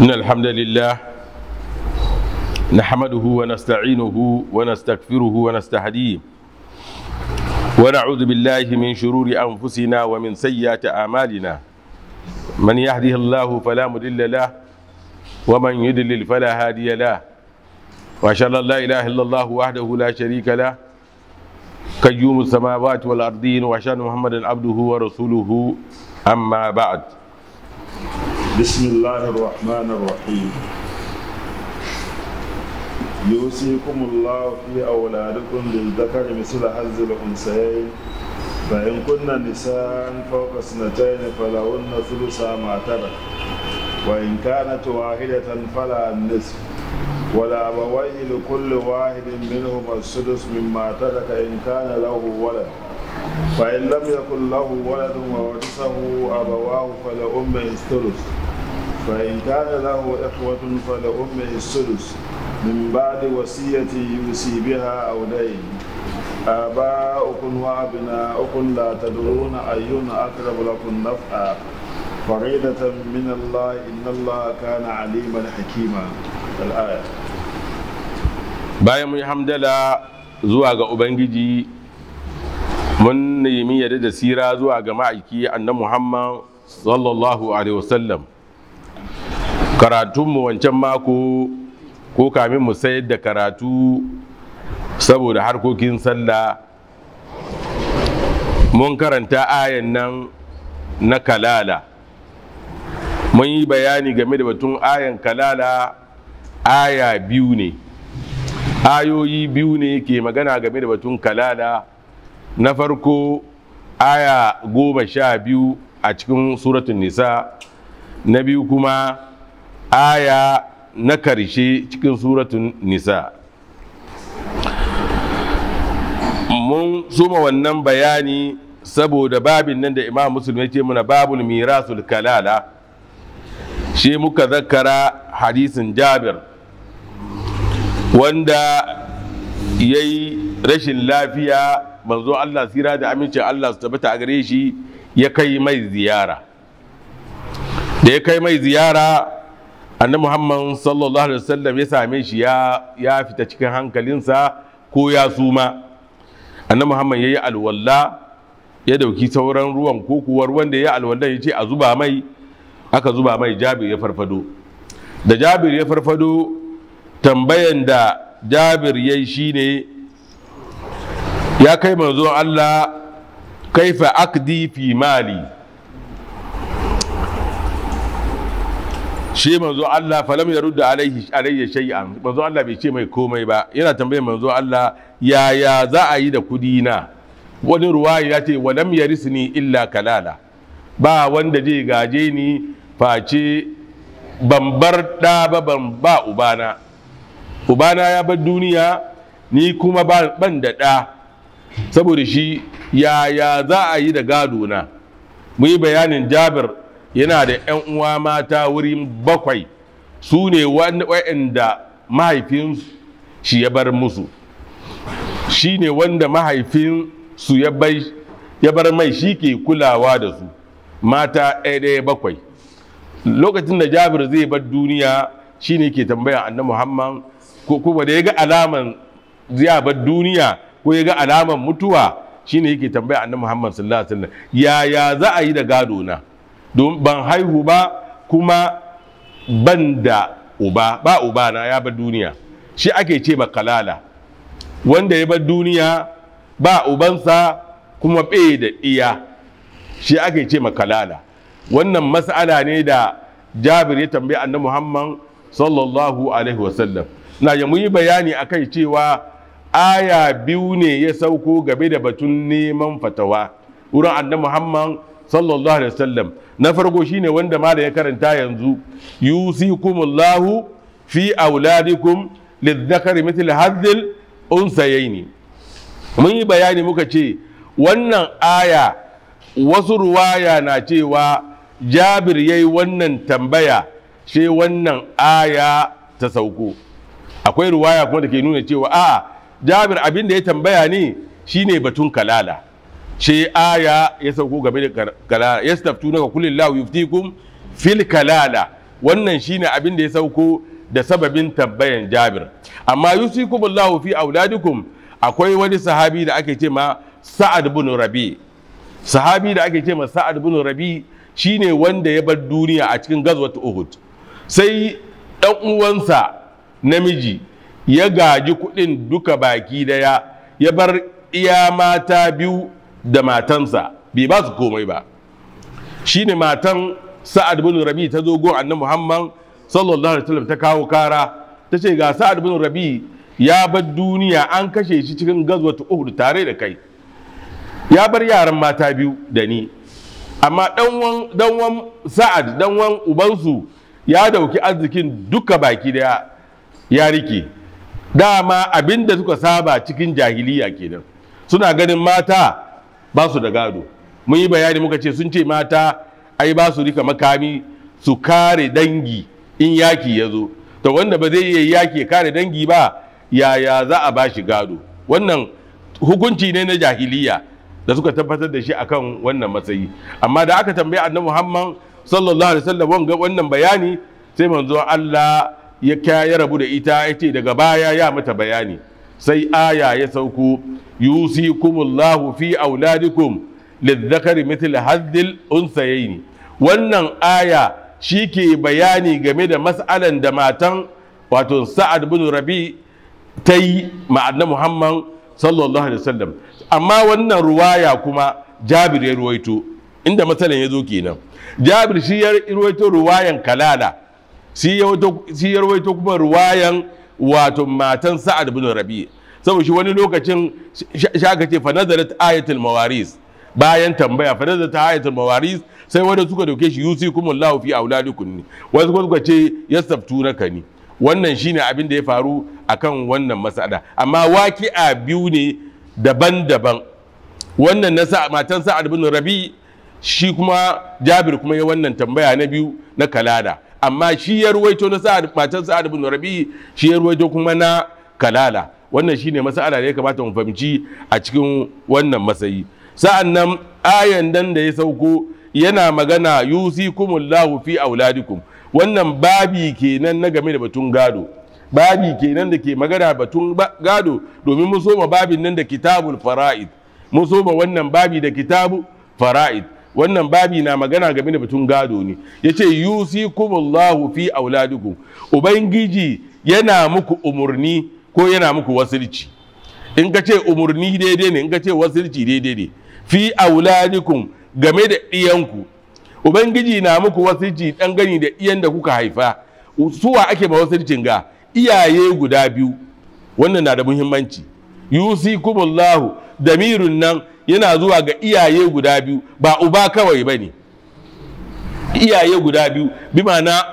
إن الحمد لله نحمده ونستعينه ونستغفره ونستهديه ونعوذ بالله من شرور أنفسنا ومن سيئات أعمالنا من يهده الله فلا مضل له ومن يضلل فلا هادي له وأشهد أن لا إله إلا الله وحده لا شريك له قيوم السماوات والأرضين وأشهد محمدا عبده ورسوله أما بعد بسم الله الرحمن الرحيم يوصيكم الله في أولادكم للذكر مثل حظ الأنثيين فإن كن نساء فوق سنتين فلهن ثلث ما ترك وإن كانت واحدة فلا النصف ولا أبويه لكل واحد منهما السدس مما ترك إن كان له ولد فإن لم يكن له ولد وورثه أبواه فلأمه الثلث فإن كان له إخوة فلأمه السدس من بعد وصية يوصي بها أو دين آباؤكم وأبناؤكم لا تدرون أيون أقرب لكم نفعا فريدة من الله إن الله كان عليما حكيما الآية bayan mun yi hamdala zuwa ga ubangiji mun nemi yadda da sira zuwa ga ma'aiki annan muhammad sallallahu alaihi wasallam karatunmu wancan mako ko kamin mu sayar da karatu saboda harkokin sallah mun karanta ayan nan na kalala mun yi bayani game da batun ayan kalala aya biyu ne ayoyi biyu ne ke magana game da batun kalala na farko aya goma sha biyu a cikin suratun nisa na biyu kuma aya na karshe cikin suratun nisa mun suma wannan bayani saboda babin nan da imam musulmi ce muna babul mirasul kalala shi muka zakara hadisin jabir wanda ya yi rashin lafiya manzo allah sira da amincin allah su tabbata a gare shi ya kai mai ziyara da ya kai mai ziyara annabi muhammad sallallahu alaihi wasallam ya same shi ya ya fita cikin hankalinsa ko ya suma annabi muhammad yi alwalla ya dauki sauran ruwan ko kuwa ruwan da ya alwalla ya ce a zuba mai aka zuba mai jabir ya farfado da jabir ya farfado tambayan da jabir yayi shine ya kai manzo Allah kaifa akdi fi mali shi manzo Allah falam ya rudda alaihi alayya shay'an manzo Allah bai ce mai komai ba yana tambayar manzo Allah yaya za a yi da kudi na wani ruwaya ya ce walam yarisni illa kalala ba wanda zai gaje ni face ban bar da ba ban ba ubana ubana ya bar duniya ni kuma ban da ɗa saboda shi yaya za a yi da gado na mu yi bayanin jabir yana da 'yan uwa mata wurin bakwai su ne waɗanda mahaifin shi ya bar musu shi ne wanda mahaifin su ya bar mai shi ke kulawa da su mata ɗaya ɗaya bakwai lokacin da jabir zai bar duniya shi ne ke tambaya annan muhammad ko kuma da ya ga alaman ya bar duniya ko ya ga alaman mutuwa shi ne yake tambaya annan muhammad sallallahu alaihi wasallam yaya za a yi da gado na don ban haihu ba kuma ban da uba ba uba na ya bar duniya shi ake ce kalala wanda ya bar duniya ba ubansa kuma ɓe da iya shi ake ce kalala wannan mas'ala ne da jabir ya tambayi annabi muhammad sallallahu alaihi wasallam na yi muyi bayani a kai cewa aya biyu ne ya sauko game da batun neman fatawa wurin annabi muhammad sallallahu alaihi wasallam na farko shine wanda malam ya karanta yanzu yusikumullahu fi auladikum lidhakari mithl hadhil unsayaini mun yi bayani muka ce wannan aya wasu ruwaya na cewa jabir yayi wannan tambaya she wannan aya ta sauko akwai ruwaya kuma da ke nuna cewa a jabir abin da ya tambaya ne shine batun kalala ce aya ya sauko game da kalala Ya lawu yufti kun fil kalala wannan shine abin da ya sauko da sababin tabbayan Jabir amma lawu fi auladikum akwai wani sahabi da ake ce ma Sa'ad bin Rabi sahabi da ake ce ma Sa'ad bin Rabi shine wanda ya bar duniya a cikin gazwat Uhud sai dan uwansa namiji ya gaji kudin duka baki daya ya bar iya mata biyu da matansa bai ba su komai ba shine matan sa'ad bin rabi ta zo gon annabi muhammad sallallahu alaihi wasallam ta kawo kara ta ce ga sa'ad bin rabi ya bar duniya an kashe shi cikin gazwatu uhud tare da kai ya bar yaran mata biyu da ni amma danwan sa'ad danwan ubansu ya dauki arzikin duka baki daya ya rike dama abin da suka saba cikin jahiliya kenan suna ganin mata ba su da gado mun yi bayani muka ce sun ce mata ai ba su rika makami su kare dangi in yaki ya zo to wanda ba zai iya yaki kare dangi ba yaya za a ba shi gado wannan hukunci ne na jahiliya da suka tabbatar da shi akan wannan matsayi amma da aka tambaye annabi Muhammad sallallahu alaihi wasallam wanga wannan bayani sai manzo Allah ya ya rabu da ita ya ce daga baya ya mata bayani sai aya ya sauko yusikumullahu fi auladikum lizzakari mithl haddil unsayaini wannan aya shi ke bayani game da mas'alan da matan wato sa'ad bin rabi ta yi ma'adna muhammad sallallahu alaihi wasallam amma wannan ruwaya kuma jabir ya ruwaito inda matsalan ya zo kenan jabir shi ya ruwaito ruwayan kalala shi ya ruwaito kuma ruwayan wato matan sa'ad bin rabi saboda shi wani lokacin shaka ce fa nazarat ayatul mawaris bayan tambaya fa nazarat ayatul mawaris sai wanda suka dauke shi yusikumullahu fi auladikum ne wasu suka ce yastaftunaka ne wannan shine abin da ya faru akan wannan masada amma waki'a biyu ne daban-daban wannan na matan sa'ad bin rabi shi kuma jabir kuma ya wannan tambaya na biyu na kalada amma shi ya ruwaito na sa'ad matan sa'ad ibn rabi shi ya ruwaito kuma na kalala wannan shine mas'ala da ya kamata mu fahimci a cikin wannan masayi sa'an nan ayan dan da ya sauko yana magana yusikumullahu fi auladikum wannan babi kenan na game da batun gado babi kenan da ke magana batun gado domin mun soma babin nan da kitabul fara'id mun soma wannan babi da kitabu fara'id wannan babi na magana game da batun gado ne Ya ce yace yusikumullahu fi auladikum ubangiji yana muku umurni ko yana muku wasirci? in ka ce umurni daidai ne in ka ce wasirci daidai ne fi auladikum game da iyanku. ubangiji na muku wasirci dan gani da iyan da kuka haifa suwa ake ba wasircin ga iyaye guda biyu wannan na da muhimmanci yusikumullahu damirun nan yana zuwa ga iyaye guda biyu ba uba kawai ba ne iyaye guda biyu bi mana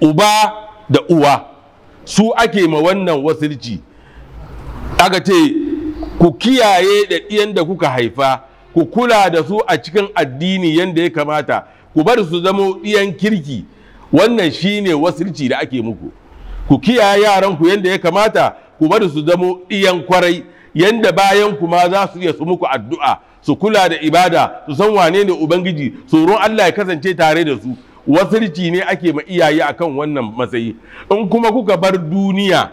uba da uwa su ake ma wannan wasirci. aka ce ku kiyaye da ɗiyan da kuka haifa ku kula da su a cikin addini yadda ya kamata ku bar su zamo ɗiyan kirki wannan shine wasirci da ake muku ku kiyaye yaranku yadda ya kamata ku bar su zamo ɗiyan kwarai yanda bayan kuma za su iya su muku addu'a su kula da ibada su san wane ne ubangiji tsoron Allah ya kasance tare da su wasirci ne ake ma iyaye akan wannan matsayi in kuma kuka bar duniya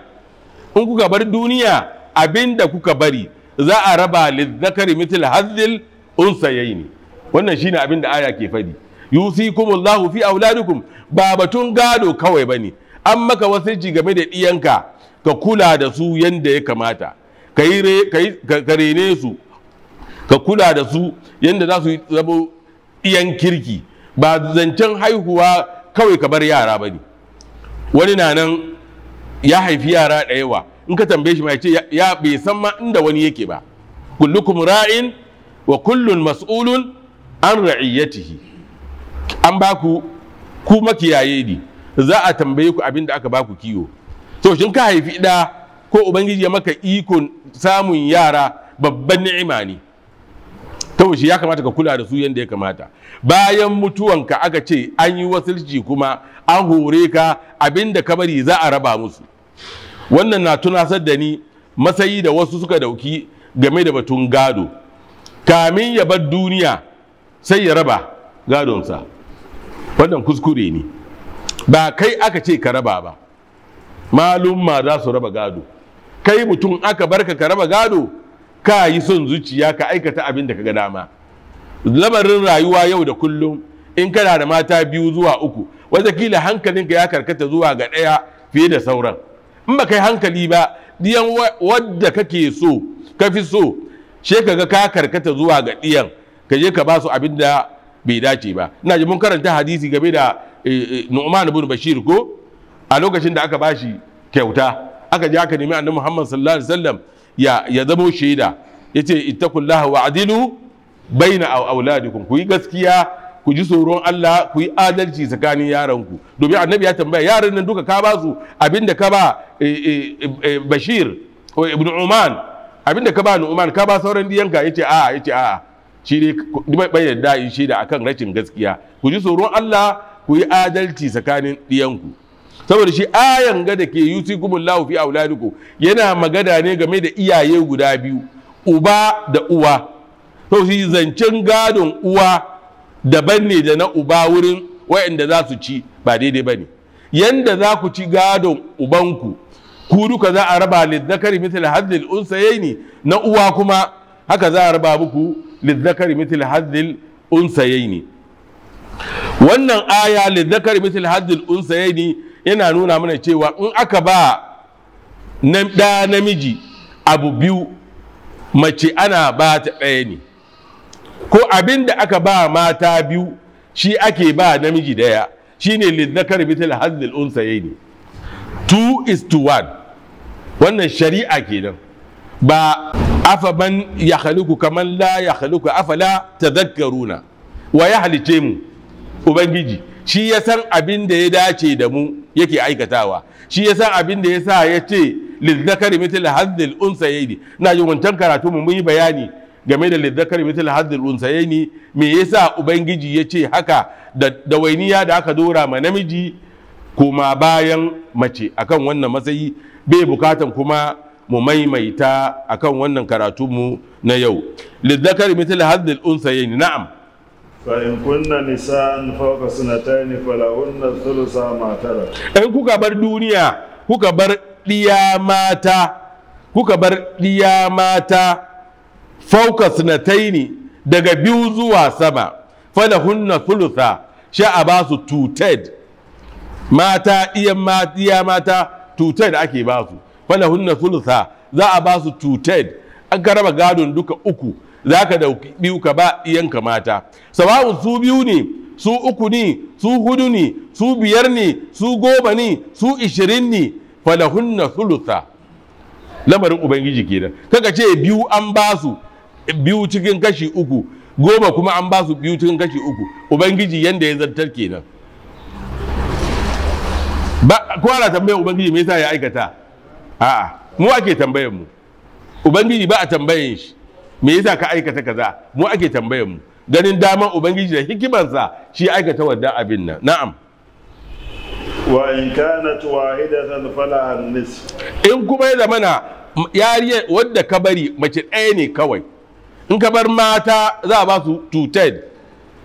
in kuka bar duniya abinda kuka bari za a raba lizzakari mithl sayayi unsayaini wannan shine abin da aya ke fadi yusikumullahu fi auladikum ba batun gado kawai bane an maka wasirci game da diyanka ka kula da su yadda ya kamata ka rene su ka kula da su yadda za su zama iyan kirki ba zancen haihuwa kawai ka bar yara ba ne wani na nan ya haifi yara da yawa in ka tambaye shi mai ce ya bai san ma inda wani yake ba kullukum ra'in wa kullun mas'ulun an ra'iyyatihi an ba ku ku makiyaye ne za a tambaye ku abin da aka ba ku kiwo to shin ka haifi da ko ubangiji ya maka ikon samun yara babban ni'ima ne shi ya kamata ka kula da su yadda ya kamata bayan mutuwanka aka ce an yi wasilci kuma an hore ka abinda ka bari za a raba musu wannan na tunasar da ni matsayi da wasu suka dauki game da batun gado kamin ya bar duniya sai ya raba gadonsa wannan kuskure ne ba kai aka ce ka raba ba malumma za su raba gado kai mutum aka barka ka raba gado ka yi son zuciya ka aikata abin da ka ga dama lamarin rayuwa yau da kullum in kana da mata biyu zuwa uku wataƙila hankalinka ya karkata zuwa ga ɗaya fiye da sauran in ba kai hankali ba diyan wadda kake so ka fi so she ka ga ka karkata zuwa ga ɗiyan ka je ka ba su abin da bai dace ba ina ji mun karanta hadisi game da eh, eh, Nu'man ibn Bashir ko a lokacin da aka bashi kyauta aka je aka nemi annabi Muhammad sallallahu alaihi wasallam ya ya zamo shaida yace ittaqullaha wa adilu baina auladikum ku yi gaskiya ku ji tsoron Allah ku yi adalci tsakanin yaranku domin annabi ya tambaya yaran nan duka ka ba su abinda ka ba eh, eh, eh, Bashir ibn Uman abinda ka ba Uman ka ba sauran diyanka yace a yace a shi ne bai da shi da akan rashin gaskiya ku ji tsoron Allah ku yi adalci tsakanin diyanku saboda shi ayan ga da ke kuma yusikumullahu fi auladikum yana magana ne game da iyaye guda biyu uba da uwa to shi zancen gadon uwa daban ne da na uba wurin wa'anda za su ci ba daidai ba ne yanda za ku ci gadon ubanku ku duka za a raba lizzakari mitil hazzil unsayaini na uwa kuma haka za a raba muku lizzakari mitil hazzil unsayaini wannan aya lizzakari mitil hazzil unsayaini yana nuna mana cewa in aka ba ɗa namiji abu biyu mace ana ba ta ɗaya ne ko abin da aka ba mata biyu shi ake ba namiji ɗaya shine lidzakar bitil unsa ya ne Two is to one. wannan shari'a kenan ba afa ban ya haliku kamar la ya haliku la ta zakkaruna wa ya halice mu ubangiji shi ya san abin da ya dace da mu yake aikatawa shi yasa abin da yasa ya ce lizzakari mitil hazzil unsayaini na yi wancan karatu mu yi bayani game da lizzakari mitil hazzil unsayaini me yasa ubangiji ya ce haka da dawainiya da aka dora ma namiji kuma bayan mace akan wannan matsayi bai bukatan kuma mu maimaita akan wannan karatu mu na yau lizzakari mitil hazzil unsayaini na'am fa'in kunna nisa'an fauka sunatayni falahunna thulutha ma tarak in eh, kuka bar duniya kuka bar diya mata kuka bar diya mata fauka sunatayni daga biyu zuwa sama falahunna thulutha sha a ba su tuted mata diya mata tuted ake ba su falahunna thulutha za a ba su tuted an karaba gadon duka uku za ka da biyu ka ba iyan mata Sababu, su biyu ne su uku ne su hudu ne su biyar ne su goma ne su ishirin ne na thulutha lamarin ubangiji kenan Kaka ce biyu an ba su biyu cikin kashi uku goma kuma an ba su biyu cikin kashi uku ubangiji yanda ya zartar kenan ba kwara ana tambayar ubangiji me yasa ya aikata a'a mu ake tambayar mu ubangiji ba a tambayin shi me yasa ka aikata kaza mu ake tambayar mu ganin daman ubangiji da hikimansa shi aikata wannan abin nan na'am wa in kanat wahidatan fala annis in kuma ya zamana yariyar wadda ka bari mace ɗaya ne kawai in ka bar mata za a ba su tuted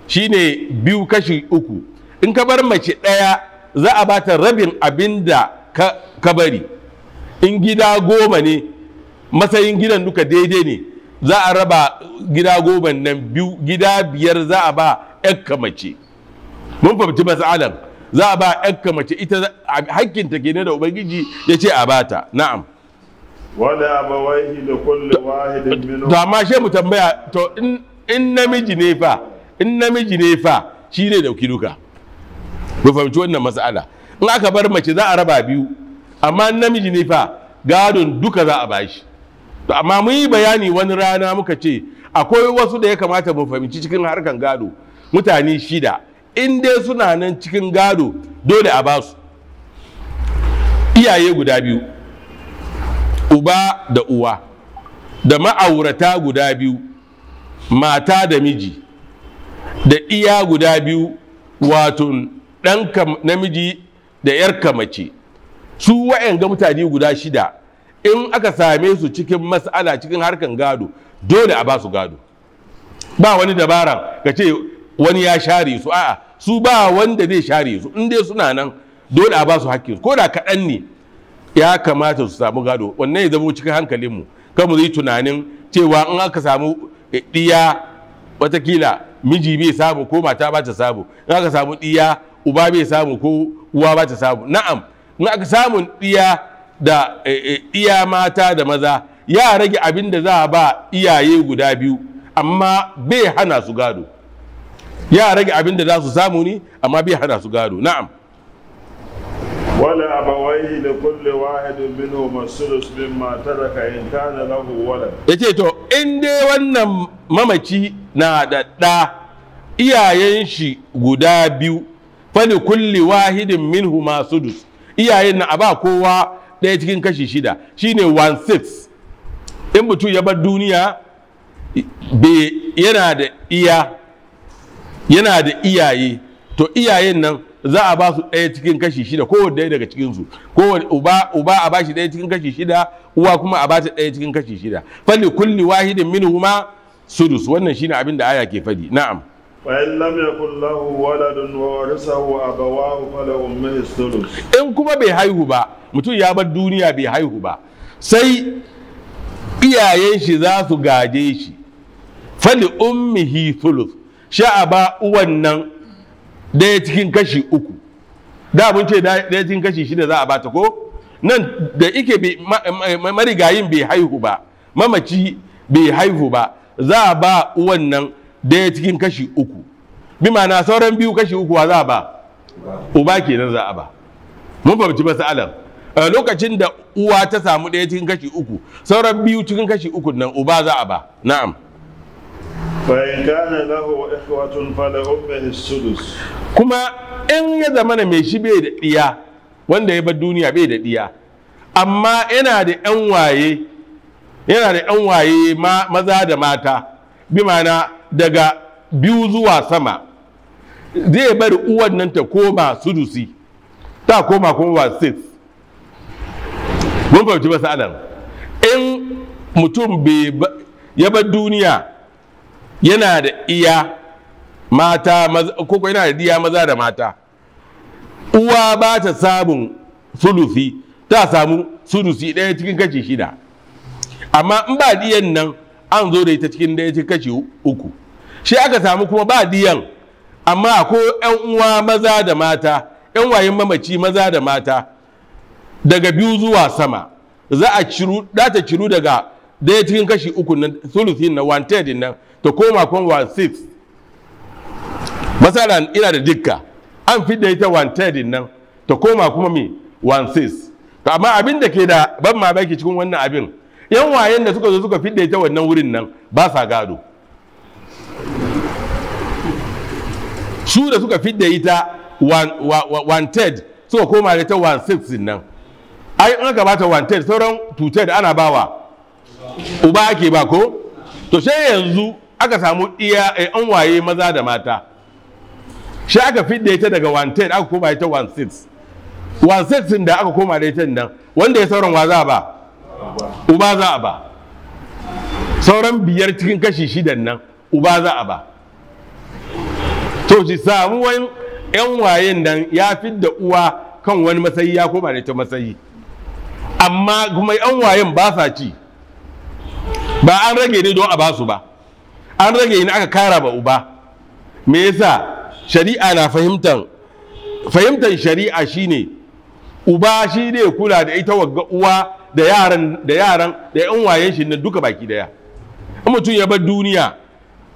shine biyu kashi uku in ka bar mace ɗaya za a ba ta rabin abin da ka bari in gida goma ne matsayin gidan duka daidai ne za a raba gida goban nan biyu gida biyar za a ba yakka mace mun fahimci matsalan za a ba yakka mace ita hakkin ta kenan da ubangiji ya ce a bata na'am wala abawaihi da kulli wahidin minhum to amma she mu tambaya to in namiji ne fa in namiji ne fa shi ne dauki duka mu fahimci wannan mas'ala in aka bar mace za a raba biyu amma namiji ne fa gadon duka za a bashi to amma mun yi bayani wani rana muka ce akwai wasu da ya kamata mu fahimci cikin harkan gado mutane shida in dai suna nan cikin gado dole a ba su iyaye guda biyu uba da uwa da ma'aurata guda biyu mata da miji da iya guda biyu wato ɗan namiji da 'yar mace su wa'yan ga mutane guda shida in aka same su cikin mas'ala cikin harkan gado dole a ba su gado ba wani dabara ka ce wani ya share su a'a su ba wanda zai share su in dai suna nan dole a ba su hakkin ko da kaɗan ne ya kamata su samu gado wannan ya zama cikin hankalinmu kan mu zai tunanin cewa in aka samu eh, ɗiya watakila miji bai samu ko mata ba ta samu in aka samu ɗiya uba bai samu ko uwa ba ta samu na'am in aka samu ɗiya da eh, eh, iya mata da maza ya rage abin da za a ba iyaye guda biyu amma bai hana su gado ya rage abin da za su samu ne amma bai hana su gado na'am wala abawai da kulle wahidin minhum as-sudus mimma taraka in kana lahu Ya ce to in dai wannan mamaci na da ɗa iyayen shi guda biyu fali kulli wahidin minhum as iyayen na aba kowa ɗaya cikin kashi shida shine one six in mutum ya bar duniya yana da iya yana da iyaye to iyayen nan za a ba su ɗaya cikin kashi shida kowane ɗaya daga cikinsu ko uba uba a bashi ɗaya cikin kashi shida uwa kuma a bata ɗaya cikin kashi shida fali kulli wahidin kuma sudus wannan shine abin da aya ke fadi na'am in kuma bai haihu ba mutum ya bar duniya bai haihu ba sai iyayen shi za su gaje shi fali ummihi thuluth sha'aba uwan nan daya cikin kashi uku da mun ce daya cikin kashi shida za a bata ko nan da ike marigayin bai haihu ba mamaci bai haihu ba za a ba uwan nan daya cikin kashi uku bi ma'ana sauran biyu kashi uku wa za a ba uba ke nan za a ba mun fahimci masu'alar a lokacin da uwa ta samu daya cikin kashi uku sauran biyu cikin kashi uku nan uba za a ba na'am bayan gane lahu wa ikwatun fada umma sudus kuma in ya zama na mai shi bai da ɗiya wanda ya bar duniya bai da ɗiya amma yana da yan waye yana da yan waye maza da mata bi ma'ana daga biyu zuwa sama zai bari uwan nan ta koma sudusi ta koma kuma ba six mun fahimci masalan in mutum ya bar duniya yana da iya mata koko yana da iya maza da mata uwa ba ta samun sulusi ta samu sulusi ɗaya cikin kashi shida amma in ba diyan nan an zo da ita cikin ɗaya cikin kashi uku shi aka samu kuma ba diyan amma ko yan uwa maza da mata yan wayin mamaci maza da mata daga biyu zuwa sama za a ciru da ta ciru daga daya cikin kashi uku na sulusin na one third nan ta koma kon one six masala ina da dukka. an fi da ita one third nan ta koma kuma mi one six amma abin da ke da ban baki cikin wannan abin yan wayen da suka zo suka fidda ita wannan wurin nan ba sa gado su da suka fidda ita wanted suka koma da ta one six nan ai in aka bata wanted sauran tuted ana bawa uba ake ba ko to sai yanzu aka samu iya eh, an waye maza da mata shi aka fidda ita daga wanted aka koma da one wanted one six da aka koma da ita nan wanda ya sauran wa za ba uba za a ba sauran biyar cikin kashi shidan nan uba za a ba to shi samu wani yan wayen nan ya da uwa kan wani matsayi ya koma da ta matsayi amma kuma yan wayen ba sa ci ba an rage ne don a basu ba an rage ne aka kara ba uba me yasa shari'a na fahimtar fahimtar shari'a shine uba shi ne kula da ita wagga uwa da yaran da yaran da yan wayen shi na duka baki daya in mutum ya bar duniya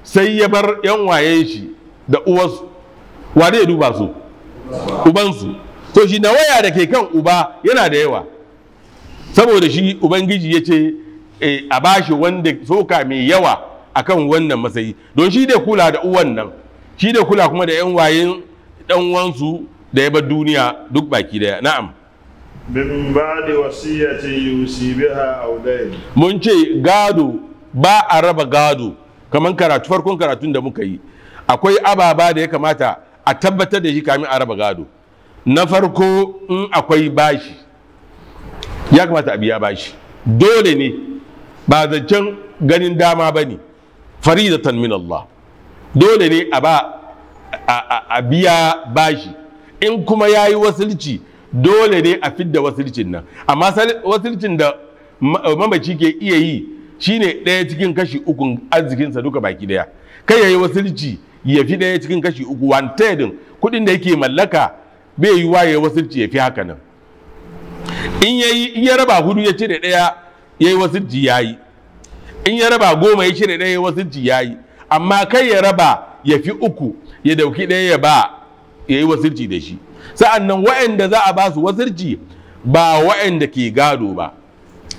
sai ya bar yan wayen shi da uwansu. wane ya duba su ubansu to shi na waya da ke kan uba yana da yawa saboda shi ubangiji ya ce eh, a bashi wanda soka mai yawa akan wannan matsayi don shi da kula da uwan nan shi da kula kuma da yan wayan dan wansu da ya bar duniya duk baki daya na'am min ba'di wasiyati yusi biha aw mun ce gado ba a raba gado kamar karatu farkon karatun da muka yi akwai ababa da ya kamata a tabbatar da shi kamin a raba gado na farko in akwai bashi ya kamata a biya bashi dole ne ba zancen ganin dama ba ne faridatan min Allah dole ne a ba biya bashi in kuma ya yi wasilci dole ne a fidda wasilcin nan amma wasilcin da mamaci ke iya yi shine ɗaya cikin kashi ukun arzikinsa duka baki ɗaya kai ya yi wasilci ya fi ɗaya cikin kashi uku one third kuɗin da yake mallaka bai yi waye wasirci ya fi haka nan in ya yi ya raba hudu ya cire ɗaya ya yi wasirci ya yi in ya raba goma ya cire ɗaya ya wasirci ya yi amma kai ya raba ya fi uku ya dauki ɗaya ya ba ya yi wasirci da shi sa'an nan wa'anda za a ba su wasirci, ba wa'anda ke gado ba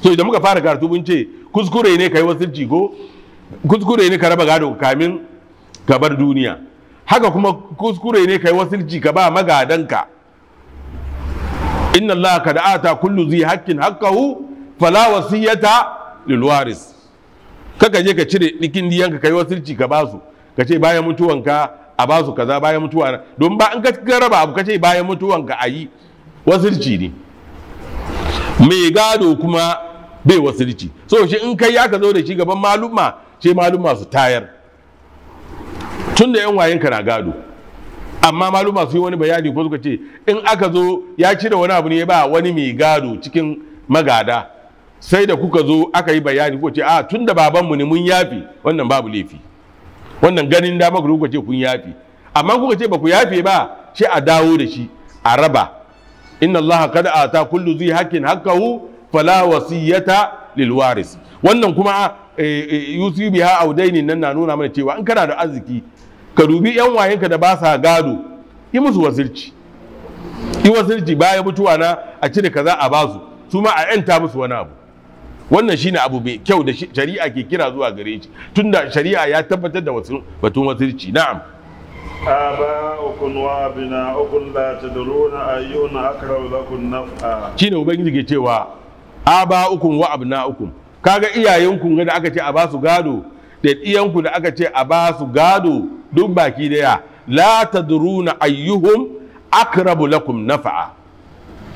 so idan muka fara karatu mun ce kuskure ne ka yi wasirci ko kuskure ne ka raba gado kamin ka bar duniya haka kuma kuskure ne kai wasilci ka ba magadanka inna allaha kad ata kullu zi haqqin haqqahu fala wasiyata lil waris kaka je ka cire dikin diyanka kai wasilci ka ba su ka ce bayan mutuwanka a ba su kaza bayan mutuwa don ba an ka raba abu ka ce bayan mutuwanka a yi wasilci ne mai gado kuma bai wasilci so shi in kai ya ka zo da shi gaban maluma ce maluma su tayar tun da yan wayenka na gado amma maluma su yi wani bayani ko suka ce in aka zo ya ci da wani abu ne ba wani mai gado cikin magada sai da kuka zo aka yi bayani ko ce a tun da babanmu ne mun yafi wannan babu laifi wannan ganin da maka kuka ce kun yafi amma kuka ce ba ku yafe ba shi a dawo da shi a raba inna allaha kada ata kullu zai hakkin hakkahu fala wasiyata lil waris wannan kuma eh, eh, ha audaini nan na nuna mana cewa in kana da arziki ka dubi yan wayenka da ba sa gado yi musu wazirci. yi wasirci baya mutuwa na a cire kaza a basu su ma a yanta musu wani abu wannan shine abu mai kyau da shari'a ke kira zuwa gare shi tunda shari'a ya tabbatar da batun wasirci na'am aba'ukum wa abna'ukum la tadruna ayyuna akramu lakum naf'a shine ubangiji ke cewa aba'ukum wa ukun, kaga iyayenku da aka ce a basu gado da iyanku da aka ce a basu gado duk baki daya la tadruna ayyuhum akrabu lakum nafa'a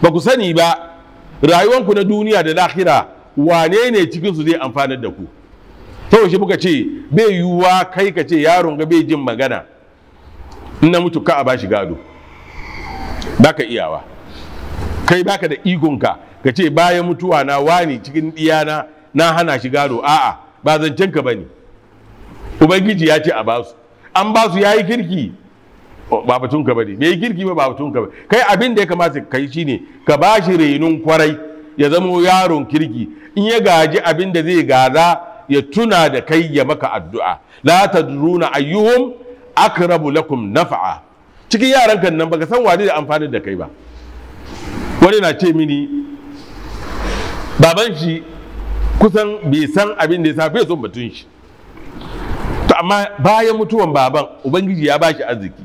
ba ku sani ba rayuwanku na duniya da lahira wane ne cikin zai amfanar da ku to shi muka ce bai yiwuwa kai ka ce yaron ga bai jin magana na mutu ka a bashi gado baka iyawa kai baka da ikonka ka ce bayan mutuwa na wani cikin diyana na hana shi gado a'a ba zancen ka bane ubangiji ya ce a basu an ba su yayi kirki ba batun ka bane bai kirki ba batun ka kai abin da ya kamata kai shine ka bashi renun kwarai ya zama yaron kirki in ya gaji abin da zai gaza ya tuna da kai ya maka addu'a la tadruna ayyuhum akrabu lakum naf'a cikin yaran kan nan baka san wani da amfani da kai ba wani na ce mini baban shi kusan bai san abin da ya safe son batun shi amma bayan mutuwan baban ubangiji ya bashi arziki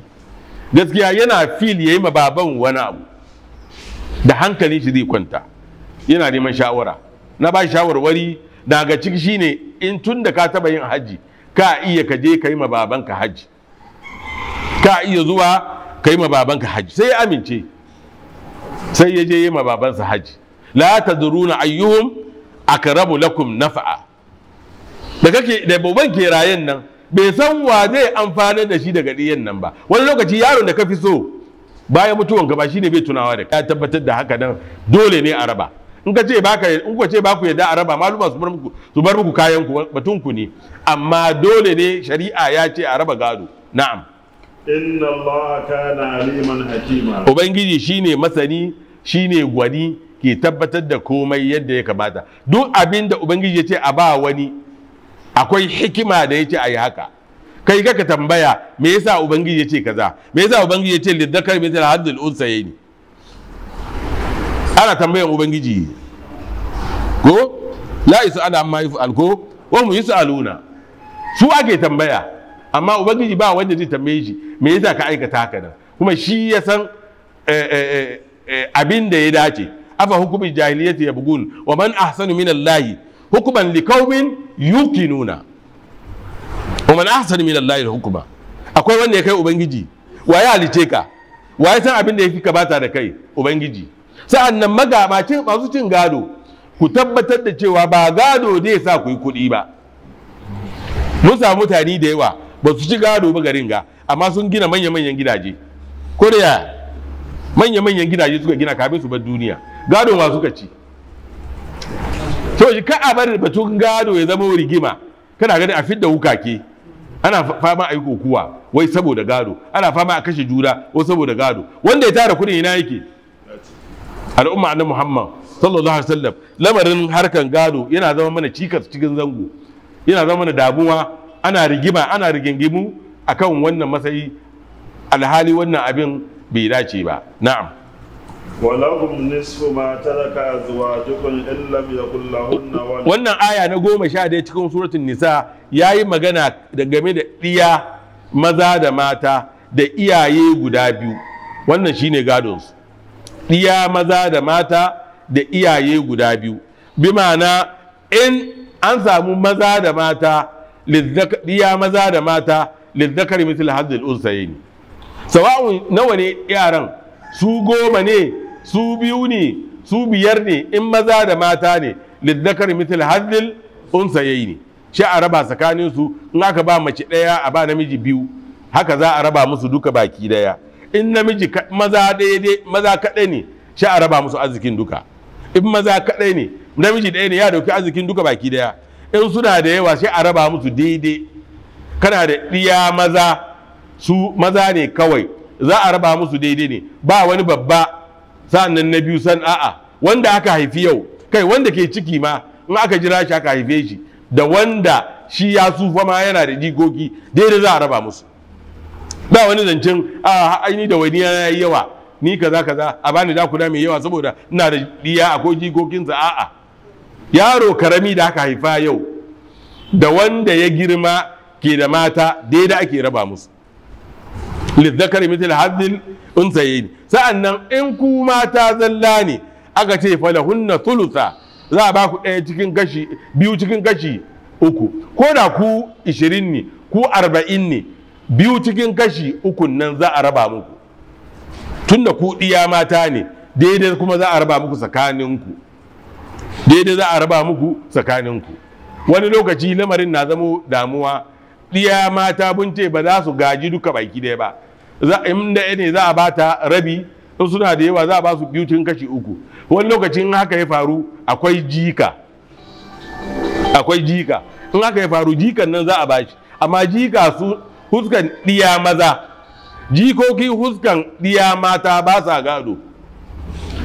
gaskiya yana fil yayi ma baban wani abu da hankalin shi zai kwanta yana neman shawara na ba shawarwari daga ciki shine in tun da ka taba yin hajji ka iya ka je ka yi ma babanka hajji ka iya zuwa ka yi ma babanka hajji sai ya amince sai ya je yi ma babansa hajji la tadruna ayyuhum akrabu lakum nafa'a da kake da baban ke rayen nan bai san wa zai amfani da shi daga ɗiyan nan ba wani lokaci yaron da ka fi so bayan mutuwan gaba shine bai tunawa da ka tabbatar da haka nan dole ne a raba in ka ce baka ku baku yadda a raba maluma su bar muku su bar muku kayan ku batun ku ne amma dole ne shari'a ya ce a raba gado na'am inna allaha kana aliman hakima ubangiji shine masani shine gwani ke tabbatar da komai yadda ya kamata duk abin da ubangiji ya ce a ba wani akwai hikima da yace ayi haka kai ga ka tambaya me yasa ubangiji yace kaza me yasa ubangiji yace lidakar mithal haddul unsayni ana tambayan ubangiji ko la isu ana amma yaf'al ko wa mu yusaluna su ake tambaya amma ubangiji ba wanda zai tambaye shi me yasa ka aikata haka nan kuma shi ya san eh, eh, eh, abin da ya dace afa hukumin jahiliyyati yabgun wa man ahsanu min allahi hukuman likaumin yuqinuna wa man ahsanu min Allah hukuma akwai wanda ya kai ubangiji wa ya halice ka wa ya san abin da yake kabata da kai ubangiji sa'annan magabacin masu cin gado ku tabbatar da cewa ba gado ne sa ku yi kuɗi ba mun samu mutane da yawa ba su ci gado ba garin ga amma sun gina manya-manyan gidaje ko da manya-manyan gidaje suka gina kafin su bar duniya gado ma suka ci to shi ka a bari batun gado ya zama rigima kana gani a fidda wukake ana fama a yi kokuwa wai saboda gado ana fama a kashe juna wai saboda gado wanda ya tara kudin ina yake al'umma annabi muhammad sallallahu alaihi wasallam lamarin harkan gado yana zama mana cikas cikin zango yana zama mana damuwa ana rigima ana rigingimu akan wannan matsayi alhali wannan abin bai dace ba na'am ولهم نصف ما ترك أزواجكم إن لم يكن لهن ولد wannan aya na goma sha ɗaya cikin suratul nisa ya yi magana game da ɗiya maza da mata da iyaye guda biyu wannan shine gadon su ɗiya maza da mata da iyaye guda biyu bi ma'ana in an samu maza da mata ɗiya maza da mata lizzakar mitul hazzul unsayni sawa'un nawa ne yaran su goma ne su biyu ne su biyar ne in maza da mata ne lidzakar mitil hadil unsa yayi ne shi a raba tsakanin su in aka ba mace ɗaya a ba namiji biyu haka za a raba musu duka baki daya in namiji maza daidai maza kaɗai ne shi a raba musu arzikin duka in maza kaɗai ne namiji ɗaya ne ya dauki arzikin duka baki daya in suna da yawa shi a raba musu daidai kana da ɗiya maza su maza ne kawai za a raba musu daidai ne ba wani babba sa'annan na biyu san a'a wanda aka haifi yau kai wanda ke ciki ma in aka jira shi aka haife shi da wanda shi ya tsufa ma yana da jigogi daidai za a raba musu ba wani zancen a aini da wani yana yawa ni kaza kaza a bani da kuda mai yawa saboda ina da diya ko jikokinsa a'a yaro karami da aka haifa yau da wanda ya girma ke da mata daidai ake raba musu lizzakar mitil haddin unsayin sa'an nan in ku mata zalla ne aka ce falahunna tulusa za a ba ku ɗaya cikin gashi biyu cikin gashi uku ko da ku ishirin ne ku arba'in ne biyu cikin gashi uku nan za a raba muku Tun da ku ɗiya mata ne daidai kuma za a raba muku tsakaninku daidai za a raba muku tsakaninku wani lokaci lamarin na zamo damuwa ɗiya mata bunce ba za su gaji duka baki ɗaya ba za in da ne za a ba ta rabi in suna da yawa za a ba su biyu cikin kashi uku wani lokacin haka ya faru akwai jika akwai jika in haka ya faru jikan nan za a bashi amma jika su huskan diya maza jikoki huskan diya mata ba sa gado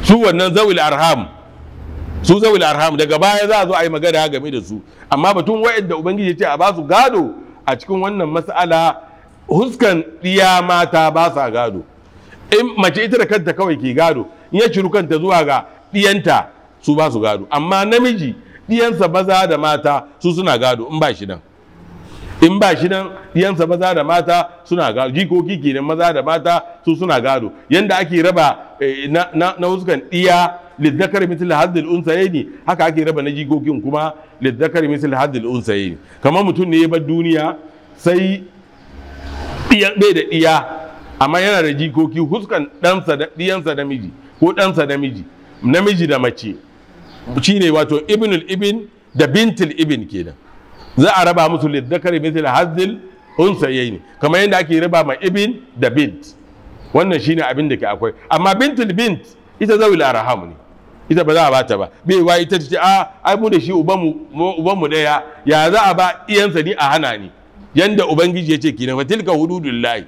su wannan zawil arham su zawil arham daga baya za a zo a yi magana game da su amma batun wa'anda ubangiji ce a ba su gado a cikin wannan mas'ala huskan ɗiya mata ba sa gado in mace ita da kanta kawai ke gado in ya ciru kanta zuwa ga ɗiyanta su ba su gado amma namiji ɗiyansa maza da mata su suna gado in ba shi nan in ba shi nan ɗiyansa maza da mata suna gado jikoki kenan maza da mata su suna gado yanda ake raba eh, na huskan ɗiya lizzakar misal haddil ne, haka ake raba na jikokin kuma lizzakar misal haddil ne. kamar mutum ne ya bar duniya sai ɗaya da ɗiya amma yana da jikoki huskan ɗansa da ɗiyansa da miji ko ɗansa da miji namiji da mace shi ne wato ibnul ibn da bintul ibn kenan za a raba musu lidzakari misal hazil unsayaini kamar yadda ake raba ma ibn da bint wannan shine abin da ke akwai amma bintil bint ita zawil arham ne ita ba za a bata ba bai wa ita ce a ah, ai mu da shi uban mu mu daya ya za a ba iyansa ni a hana ni yanda ubangiji ya ce kenan fa tilka hududullahi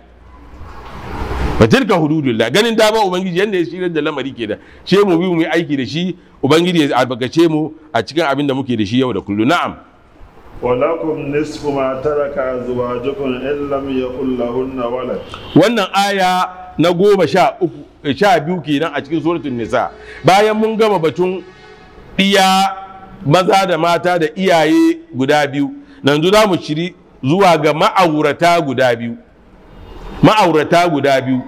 wa tilka hududullah ganin dama ubangiji yanda ya shirar da lamari ke da she mu bi mu yi aiki da shi ubangiji ya albarkace mu a cikin abin da muke da shi yau da kullu na'am walakum nisfu ma taraka azwajukum in lam yakul walad wannan aya na goma sha uku eh, sha biyu kenan a cikin suratul nisa bayan mun gama batun iya maza da mata da iyaye guda biyu nan za mu shiri zuwa ga ma'aurata guda biyu ma'aurata guda biyu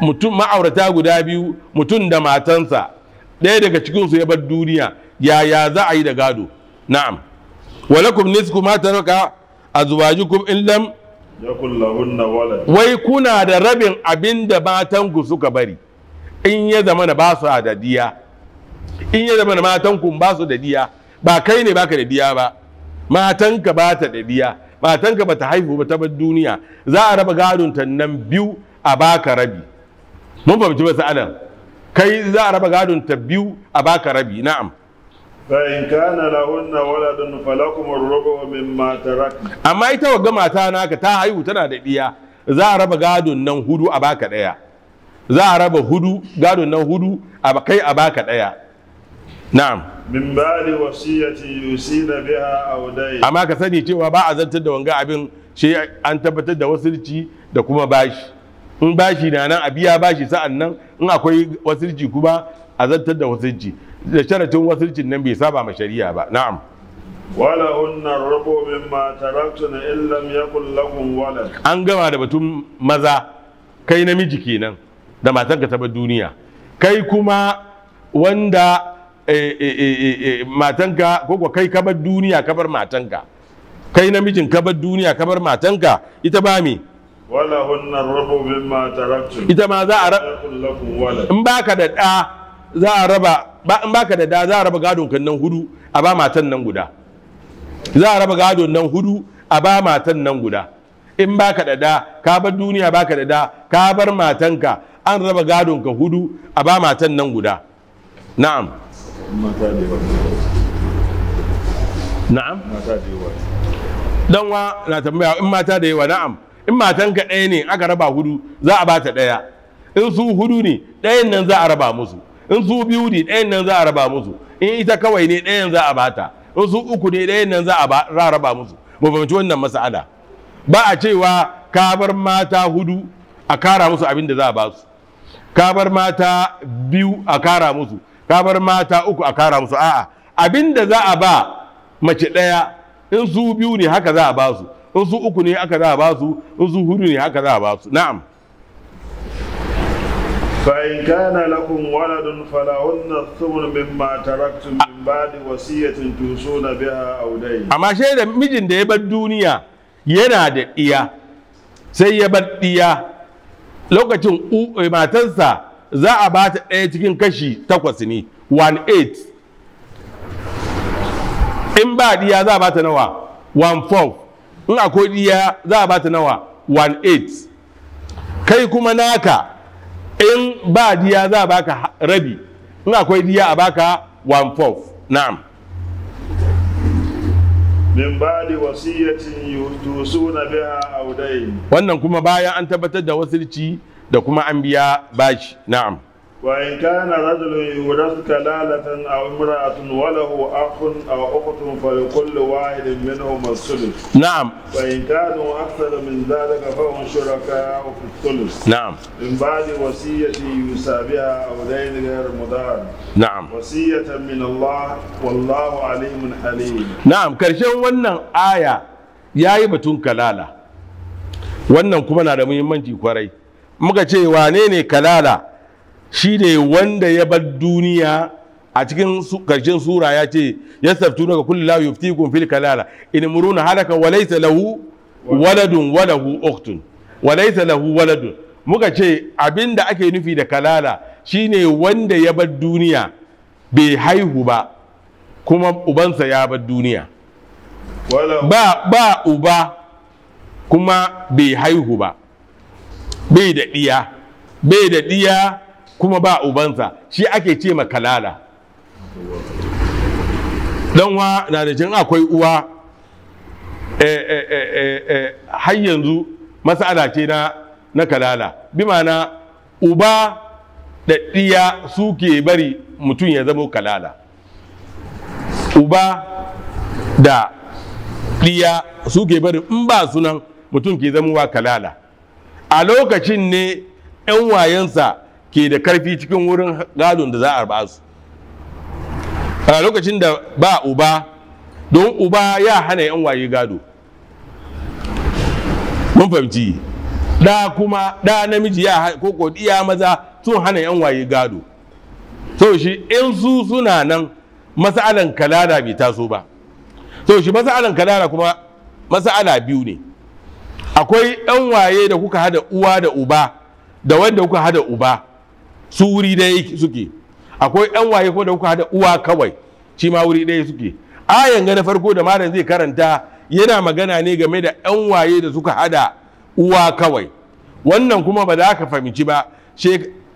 mutum ma'aurata guda biyu mutum da matansa ɗaya daga cikinsu ya bar duniya yaya za a yi da gado na'am walakum nisku ma taraka azwajukum in lam wai kuna da rabin abin da matanku suka bari in ya zama na ba su in ya zama na ku ba su da diya ba kai ne baka da diya ba matanka ba ta da diya matanka bata haihu ba ta bar duniya za a raba gadon ta nan biyu a baka rabi mun fahimci ba sa'adan kai za a raba gadon ta biyu a baka rabi na'am فإن كان لهن ولد فلكم الربع مما تركن amma ita wa mata naka ta haihu tana da diya za a raba gadon nan hudu a baka daya za a raba hudu gadon nan hudu a kai a baka daya na'am min ba'di yusi na biya a wadai amma ka sani cewa ba a zartar da wanga abin shi an tabbatar da wasirci da kuma bashi in bashi na nan a biya bashi sa'an nan in akwai wasirci kuma a zartar da wasirci. da sharatin wasircin nan bai saba ma shari'a ba na'am wala hunna rubu ma taraktuna in lam yakul lakum walad an gama da batun maza kai namiji kenan da matanka ta bar duniya kai kuma wanda Eh, eh, eh, matanka ko ko kai kabar duniya kabar matanka kai namijin kabar duniya kabar matanka ita ba me wala hunna rabu mimma taraktu ita ma za a raba in baka da da za a raba in baka da da za a raba gadon kan nan hudu a ba matan nan guda za a raba gadon nan hudu a ba matan nan guda in baka da da ka bar duniya baka da da ka bar matanka an raba gadon ka hudu a ba matan nan guda na'am mata da yawa na'am da yawa dan wa na tambaya in mata da yawa na'am in matan ka ɗaya ne aka raba hudu za a bata ɗaya in su hudu ne ɗayan nan za a raba musu in su biyu ne ɗayan nan za a raba musu in ita kawai ne ɗayan za a bata in su uku ne ɗayan nan za a raba musu mu fahimci wannan masa'ala ba a cewa ka bar mata hudu a kara musu abin da za a ba su ka bar mata biyu a kara musu ka bar mata uku a kara musu a'a abinda za a ba mace ɗaya in su biyu ne haka za a ba su in su uku ne haka za a ba su in su hudu ne haka za a ba su na'am in فإن كان لكم ولد فلهن الثمن مما تركتم من بعد وصية توصون بها أو Amma أما da mijin da ya bar duniya yana da ɗiya sai ya bar ɗiya lokacin eh, matansa za a ba ta ɗaya cikin kashi takwas ne 1.8 in ba diya za a ba ta nawa 1.4 4 in akwai diya za a ba ta nawa 1.8 kai kuma naka in ba diya za a ba ka rabi in akwai diya a ba ka 1.4 na'am min ba'di wasiyatin yusuna biha audain wannan kuma bayan an tabbatar da wasilci da kuma an biya bashi na'am wa in kana rajulun yurasu kalalatan aw imra'atun wa lahu akhun aw ukhtun fa likulli wahidin minhum as-sulus na'am fa in kanu akthara min dhalika fa hum shuraka'u fi as-sulus na'am min ba'di wasiyyati yusabiha aw dayn ghayr mudar na'am wasiyatan min Allah wallahu alimun halim na'am karshen wannan aya yayi batun kalala wannan kuma na da muhimmanci kwarai muka ce wane ne kalala shi ne wanda ya bar duniya a cikin karshen sura ya ce ya saftu daga kulli la yuftikum fil kalala in muruna halaka wa laysa lahu waladun wa lahu ukhtun wa waladun muka ce abinda ake nufi da kalala shine wanda ya bar duniya bai haihu ba kuma ubansa ya bar duniya ba uba kuma bai haihu ba bai da ɗiya bai da ɗiya kuma ba ubansa shi ake ce ma kalala wa na da jin akwai uwa eh, eh, eh, har yanzu matsala ce na kalala bi mana uba da ɗiya suke bari mutum ya zama kalala uba da ɗiya suke bari in ba sunan mutum ke zamowa kalala a lokacin ne 'yan wayansa ke da karfi cikin wurin gadon da za a ba su a lokacin da ba uba don uba ya hana 'yan waye gado mun fahimci da kuma da namiji ya ko iya maza sun hana 'yan waye gado so shi in su suna nan masa'alan kalada bai taso ba so shi masa'alan kalada kuma masa'ala biyu ne akwai yan waye da kuka hada uwa da uba da wanda kuka hada uba su wuri ɗaya suke akwai yan waye ko da kuka hada uwa kawai shi ma wuri ɗaya suke ayan ga na farko da malam zai karanta yana magana ne game da yan waye da suka hada uwa kawai wannan kuma ba za ka fahimci ba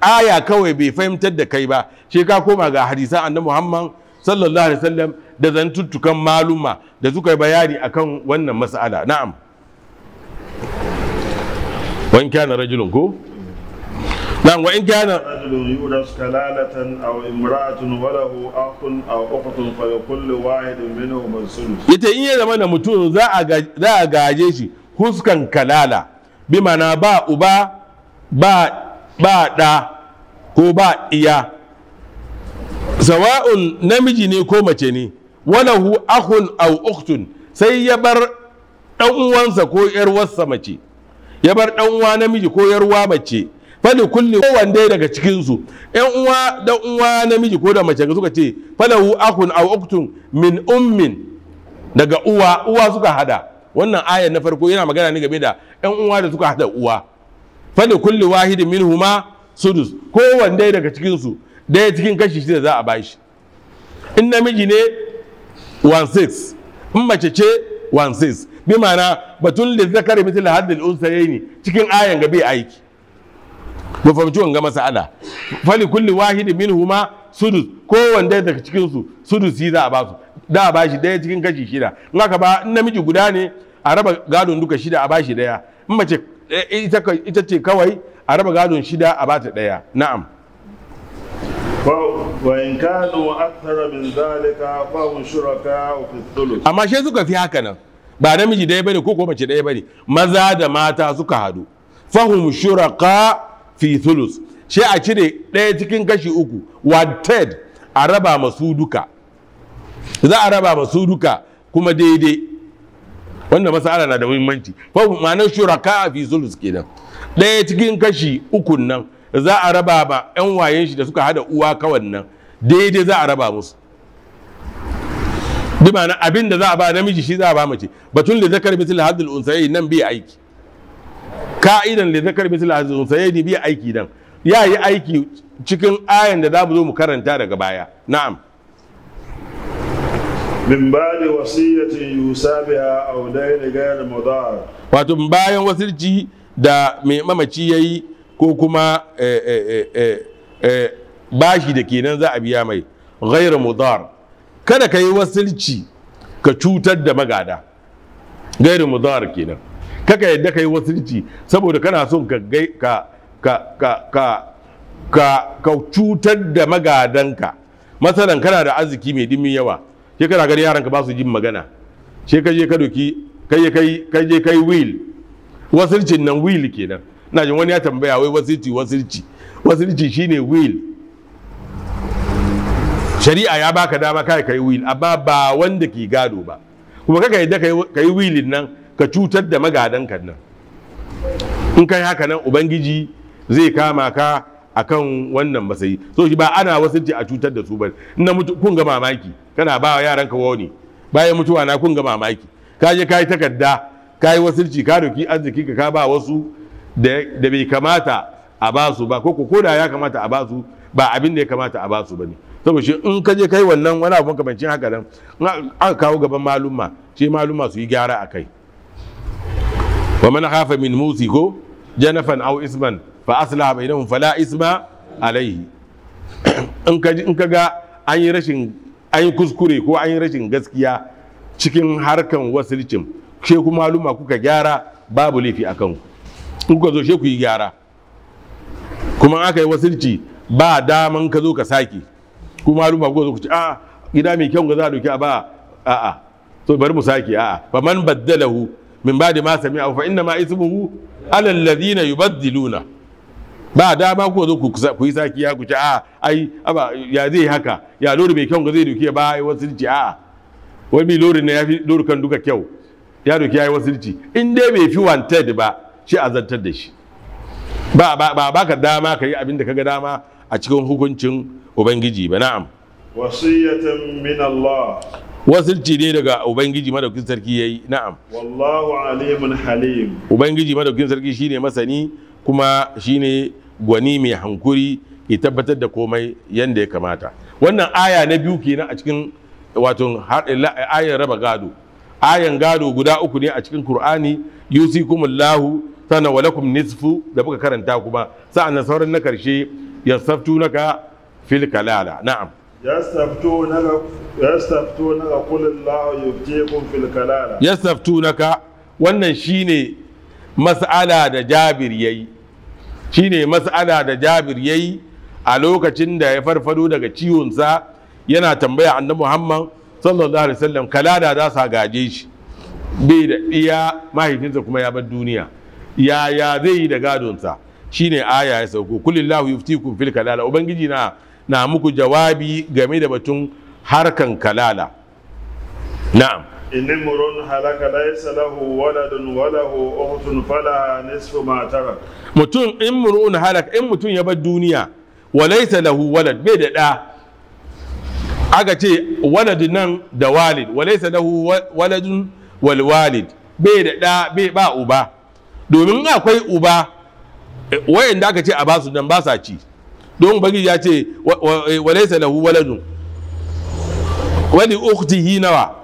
aya kawai bai fahimtar da kai ba she ka koma ga hadisan annabi Muhammad sallallahu alaihi wasallam da zantuttukan maluma da suka yi bayani akan wannan mas'ala na'am wa in kana ko nan wa in kana rajulun yurus kalalatan aw imra'atun wa lahu akhun aw ukhtun fa kullu wahidin minhum sulus ita in ya zama da mutum za a za a gaje shi huskan kalala bi mana ba uba ba ba da ko ba iya zawa'un namiji ne ko mace ne walahu akhun aw ukhtun sai ya bar ɗan ko 'yar mace ya bar dan uwa namiji ko yar uwa mace fali kulli ko kowanne daga cikin su yan uwa dan uwa namiji ko da mace suka ce falahu akun aw uktun min ummin daga uwa uwa suka hada wannan ayar na farko yana magana ne game da yan uwa da suka hada uwa fali kulli wahidin huma sudus ko kowanne daga cikin su daya cikin kashi shida za a bashi in namiji ne 16 in mace ce 16 bi ma'ana batun lizzakari misali haddal ne cikin ayan ga bai aiki ba fahimci wanga ala fali kulli min huma sudus ko wanda daga cikin su yi za a basu. da a ba shi daya cikin kashi shida in aka ba namiji guda ne a raba gadon duka shida a ba shi daya in mace eh, ita ce kawai a raba gadon shida a ba ta daya na'am وإن كانوا أكثر من ذلك فهم a في amma shi شيء سكا في هكذا ba namiji ɗaya bane ko ko mace ɗaya bane maza da mata suka hadu fahum shuraka fi thuluth sai a cire ɗaya cikin kashi uku wanted a raba masu duka za a raba masu duka kuma daidai wanda masala na da muhimmanci Fahim ma'anar shuraka fi thuluth kenan ɗaya cikin kashi uku nan za a raba ba 'yan wayen shi da suka hada uwa kawan nan daidai za a raba musu bimana abin da za a ba namiji shi za a ba mace batun da zakar mitil hadul unsayi nan bi aiki ka'idan da zakar mitil hadul ne bi aiki dan ya yi aiki cikin ayan da za mu zo mu karanta daga baya na'am min ba da yusa biha aw dayni ghayr mudar wato bayan wasirci da mai mamaci yayi ko kuma eh, eh, eh, bashi da kenan za a biya mai ghayr mudar kada ka yi wasilci ka cutar da magada gairin muzawar kenan kaka yadda ka yi wasilci saboda kana son ka ka ka ka ka ka cutar da magadanka masalan kana da arziki mai dimmi yawa sai kana gani yaranka ba su jin magana sai ka je ka doki kai kai kai je kai will wasilcin nan will kenan na jin wani ya tambaya wai wasilci wasilci wasilci shine wil. shari'a ya baka dama kai kai will amma ba wanda ke gado ba kuma kaka ka kai willin nan ka cutar da magadan kan nan in kai haka nan ubangiji zai kama ka akan wannan masayi so shi ba ana wasanci a cutar da su ba na mutu kun ga mamaki kana ba yaran ka wani bayan mutuwa na kun ga mamaki ka je kai takarda kai wasilci ka doki arziki ka ka ba wasu da bai kamata a ba su ba ko ko da ya kamata a ba su ba abin da ya kamata a ba su bane saboda shi in ka je kai wannan wani abu makamancin haka nan aka kawo gaban maluma shi maluma su yi gyara a kai wa man khafa min musi ko janafan aw isman fa asla bainahum fala isma alaihi in ka ga an yi rashin an yi kuskure ko an yi rashin gaskiya cikin harkan wasilcin she ku maluma kuka gyara babu laifi a ku in kuka zo she ku yi gyara kuma aka yi wasilci ba daman ka zo ka sake kuma maluma ko ku ce a gida mai kyau ga za a doki a ba a a to bari mu sake a fa man baddalahu min ba'di ma sami'a fa inna ma ismuhu ala alladhina yubaddiluna ba dama ko zo ku yi saki ya ku ce a ai aba ya zai haka ya lori mai kyau ga zai doki ba ai wasu ci a wani lori ne ya fi lori kan duka kyau ya doki ya yi wasu ci in dai bai fi wanted ba shi a zantar da shi ba ba ba ka dama ka yi abin da ka ga dama a cikin hukuncin ubangiji ba na'am wasiyatan min Allah wasilci ne daga ubangiji madaukin sarki yayi na'am wallahu alimun halim ubangiji madaukin sarki shine masani kuma shine gwani mai hankuri ya tabbatar da komai yanda ya kamata wannan aya na biyu kenan a cikin wato ayan raba gado ayan gado guda uku ne a cikin qur'ani yusikumullahu sana wa nisfu da muka karanta kuma sa'an sauran na karshe yasaftunaka fil kalala na'am yastaftunaka yastaftunaka qul Allahu yuftikum fil kalala yastaftunaka wannan shine mas'ala da Jabir yayi shine mas'ala da Jabir yayi a lokacin da ya farfado daga ciwonsa yana tambaya annabi Muhammad sallallahu alaihi wasallam kalala za su gaje shi bai da iya mahaifinsa kuma ya bar duniya yaya zai yi da gadonsa shine aya ya sauko kulillahu yuftikum fil kalala ubangiji na na muku jawabi game da batun harkan kalala na'am inni murun halaka laysa lahu waladun wa lahu ukhtun fala nisfu ma mutum in murun halaka in mutum ya bar duniya wa laysa walad bai da ɗa aka ce waladun nan da walid wa laysa waladun walwalid walid bai da ɗa bai ba uba domin akwai uba eh, wayanda aka ce a basu don basa ci don bagi ya ce walaisa eh, lahu waladun wani uktihi nawa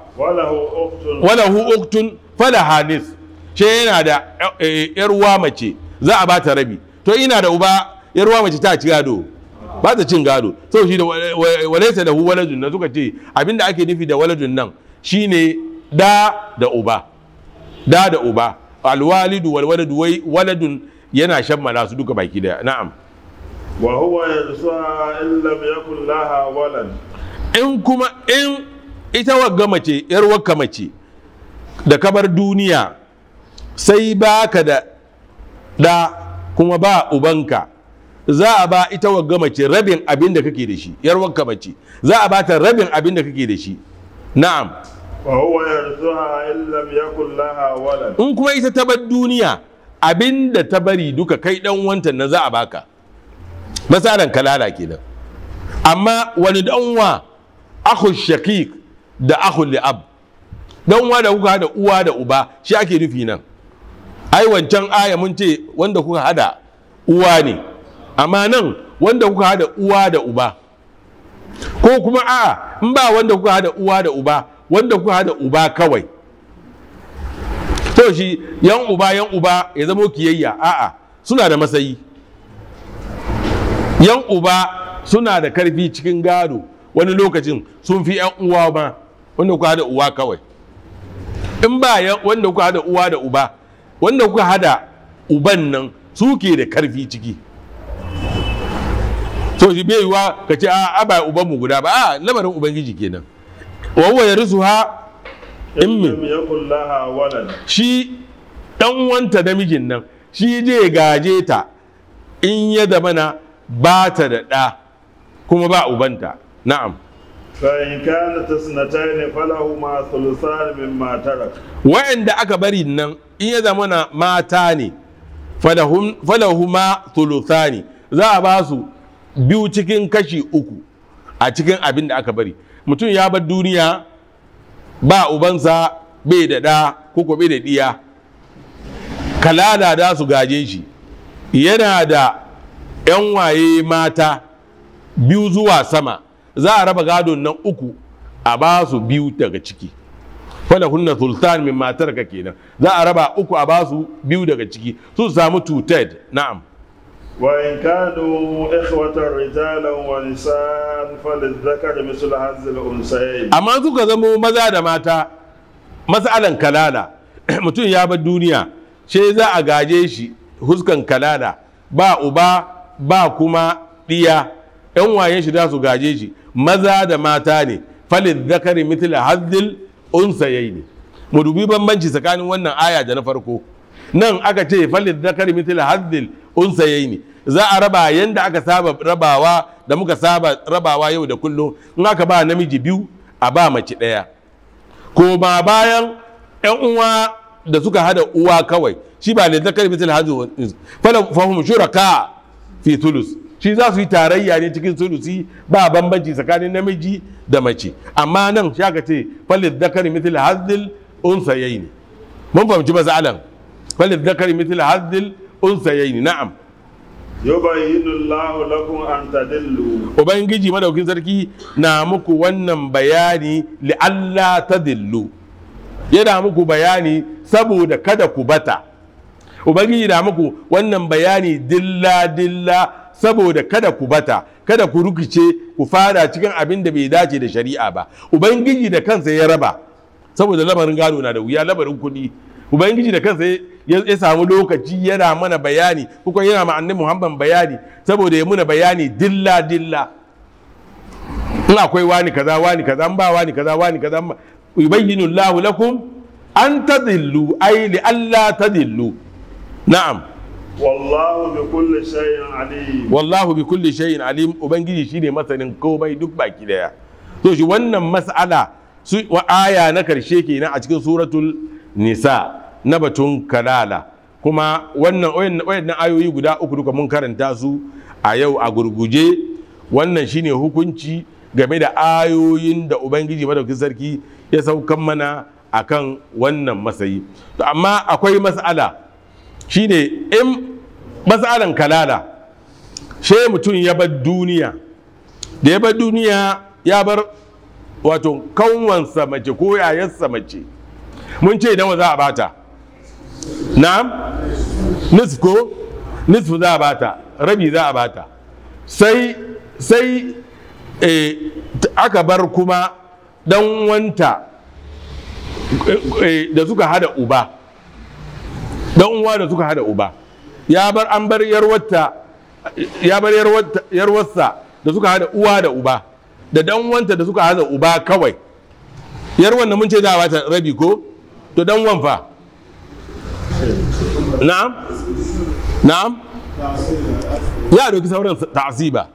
Wala hu uktun fala hanis she yana da eh, eh, yarwa mace za a bata rabi to ina da uba yarwa mace ta ci gado ba ta cin gado so shi da walaisa lahu waladun na suka ce abinda ake nufi da waladun nan shine da da uba da da uba alwalidu walwaladu wai waladun yana shammala su duka baki daya na'am wa huwa yansa in lam yakun laha walad in kuma in ita wagga mace yar wagga mace da kabar duniya sai baka da da kuma ba ubanka za a ba ita wagga mace rabin abin da kake da shi yar wagga mace za a ba ta rabin abin da kake da shi na'am wa huwa yansa in lam yakun laha walad in kuma ita ta bar duniya abin da ta bari duka kai dan wanta na za a baka matsalan kalala kenan amma wani danwa akhu shaqiq da akhu li'ab danwa da kuka hada uwa da uba shi ake nufi nan ai wancan aya mun ce wanda kuka hada uwa ne amma nan wanda kuka hada uwa da uba ko kuma a in ba wanda kuka hada uwa da uba wanda kuka hada uba kawai to shi yan uba yan uba ya zamo kiyayya a'a suna da masayi yan uba suna da karfi cikin gado wani lokacin sun fi yan uwa ma wanda kuka hada uwa kawai in ba wanda kuka hada uwa da uba wanda kuka hada uban nan suke da karfi ciki so shi bai yiwa ka ce a ba uban mu guda ba a lamarin ubangiji kenan wawwa ya rusu ha in min shi dan wanta namijin nan shi je gaje ta in ya da mana ba ta da ɗa kuma ba ubanta na'am fa'in kana ne falahu ma thuluthan mimma tarak wa'anda aka bari nan in ya zama na mata ne falahu ma thuluthani za a ba su biyu cikin kashi uku a cikin abin da aka bari mutum ya bar duniya ba ubansa bai da ɗa ko bai da ɗiya kalada da su gaje shi yana da 'yan waye mata biyu zuwa sama za a raba gadon nan uku a ba su biyu daga ciki falahunna sultan min matar ka kenan za a raba uku a ba su biyu daga ciki su samu tuted na'am وإن كانوا إخوة رجالا ونساء misul hazil هذه amma su suka zamo maza da mata matsalan kalala mutum ya bar duniya sai za a gaje shi huskan kalala ba uba ba kuma ɗiya ‘yan wayan shi za su gaje shi maza da mata ne falin zakari mitila haddil unsa yayi ne mu dubi bambanci tsakanin wannan aya da na farko nan aka ce falin zakari mitila haddil unsa yayi ne za a raba yanda aka saba rabawa da muka saba rabawa yau da kullum in aka ba namiji biyu a ba mace ɗaya ko ba bayan ‘yan uwa da suka hada uwa kawai shi ba ne zakari mitila haddil unsa falahum shuraka fi tulus shi za su yi tarayya ne cikin sulusi ba bambanci tsakanin namiji da mace amma nan ka ce falid dakari mitil hazdil sayayi ne mun fahimci masalan falid dakari mitil hazdil sayayi ne na'am yubayyinullahu lakum an tadillu ubangiji madaukin sarki na muku wannan bayani li Allah tadillu yana muku bayani saboda kada ku bata ubangiji na muku wannan bayani dilla dilla saboda kada ku bata kada ku rukice ku fara cikin abin da bai dace da shari'a ba ubangiji da kansa ya raba saboda lamarin gado na da wuya lamarin kuɗi ubangiji da kansa ya samu lokaci yana mana bayani kuma yana ma annabi muhammad bayani saboda ya muna bayani dilla dilla in akwai wani kaza wani kaza ba wani kaza wani kaza yubayyinu Allahu lakum an tadillu ay li alla tadillu na'am wallahu bi kulli shay'in alim wallahu bi ubangiji shine masanin komai duk baki daya to shi wannan mas'ala su wa aya na karshe na a cikin suratul nisa na batun kalala kuma wannan wayannan ayoyi guda uku duka mun karanta su a yau a gurguje wannan shine hukunci game da ayoyin da ubangiji madaukakin sarki ya saukan mana akan wannan masayi to amma akwai mas'ala shine in matsalan kalala sai mutum ya bar duniya da ya bar duniya ya bar wato kanwansa mace ko yayarsa mace mun ce idan za a bata na'am nisf ko nisf za a bata rabi za a bata sai sai eh, aka bar kuma dan wanta eh, da suka hada uba dan uwa da suka hada uba ya bar an bar yarwarta ya bar yarwarsa da suka hada uwa da uba da dan uwanta da suka hada uba kawai yarwan mun ce za a bata rabi ko to dan uwan fa na'am na'am ya doki sauran ta'asiba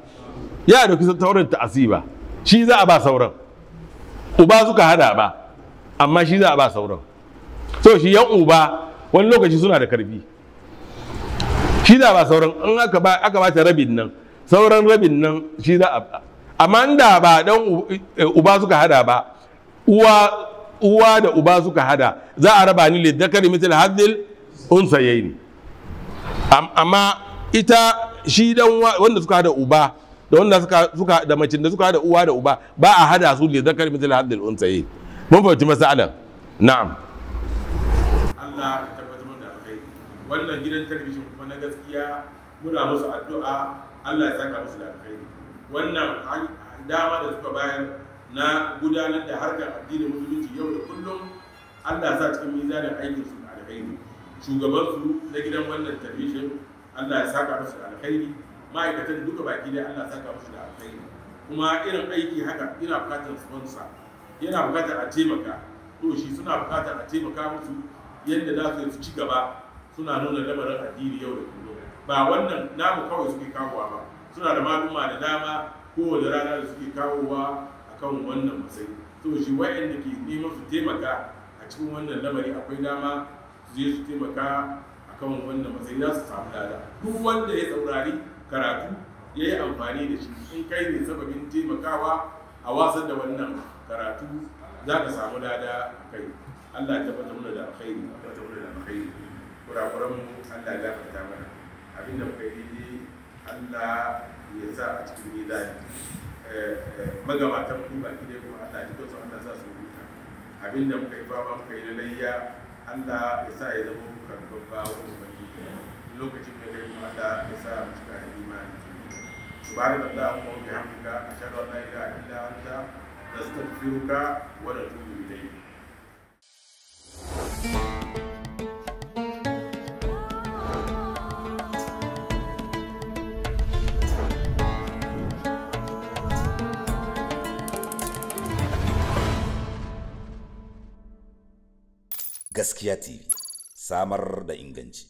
ya doki sauran ta'asiba shi za a ba sauran uba suka hada ba amma shi za a ba sauran so shi yan uba wani lokaci suna da karfi shi da ba sauran in aka ba aka ba ta rabin nan sauran rabin nan shi za a amma da ba dan e, uba suka hada ba uwa uwa da uba suka hada za a raba ni lidakari mitil hadil unsayaini amma ita shi dan wanda suka hada uba da wanda suka suka da macin da suka hada uwa da uba ba a hada su lidakari mitil hadil unsayaini mun fahimci masalan na'am Allah wannan gidan talabijin kuma na gaskiya muna musu addu'a Allah ya saka musu da alkhairi wannan dama da suka bayar na gudanar da harkar addinin musulunci yau da kullum Allah ya sa cikin mizanin aikin su da alkhairi shugaban su na gidan wannan talabijin Allah ya saka musu da alkhairi ma'aikatan duka baki dai, Allah ya saka musu da alkhairi kuma irin aiki haka ina bukatar sponsor yana bukatar a taimaka to shi suna bukatar a taimaka musu yadda za su ci gaba suna nuna lamarin addini yau da kullum ba wannan namu kawai suke kawowa ba suna da maluma da dama kowane rana da suke kawowa akan wannan matsayi to shi da ke neman su taimaka a cikin wannan lamari akwai dama su je su taimaka akan wannan matsayi za su samu lada duk wanda ya saurari karatu ya yi amfani da shi in kai ne sababin taimakawa a wasan da wannan karatu za ka samu lada a kai Allah ya tabbatar mana da alkhairi ya da alkhairi kurakuran Allah ya gafarta mana Abinda kuka yi ne Allah ya sa a cikin mizani eh, eh, magabatan kuma ba ne kuma Allah ya dukkan Allah za su huta Abinda kuka yi baban kuka yi layya Allah ya sa ya zama karban babba wani baki lokacin da kai kuma Allah ya sa mu cika imani subhanallahi wa bihamdika ashhadu an la ilaha illa anta نستغفرك ونتوب إليك Gaskiya TV, samar da inganci.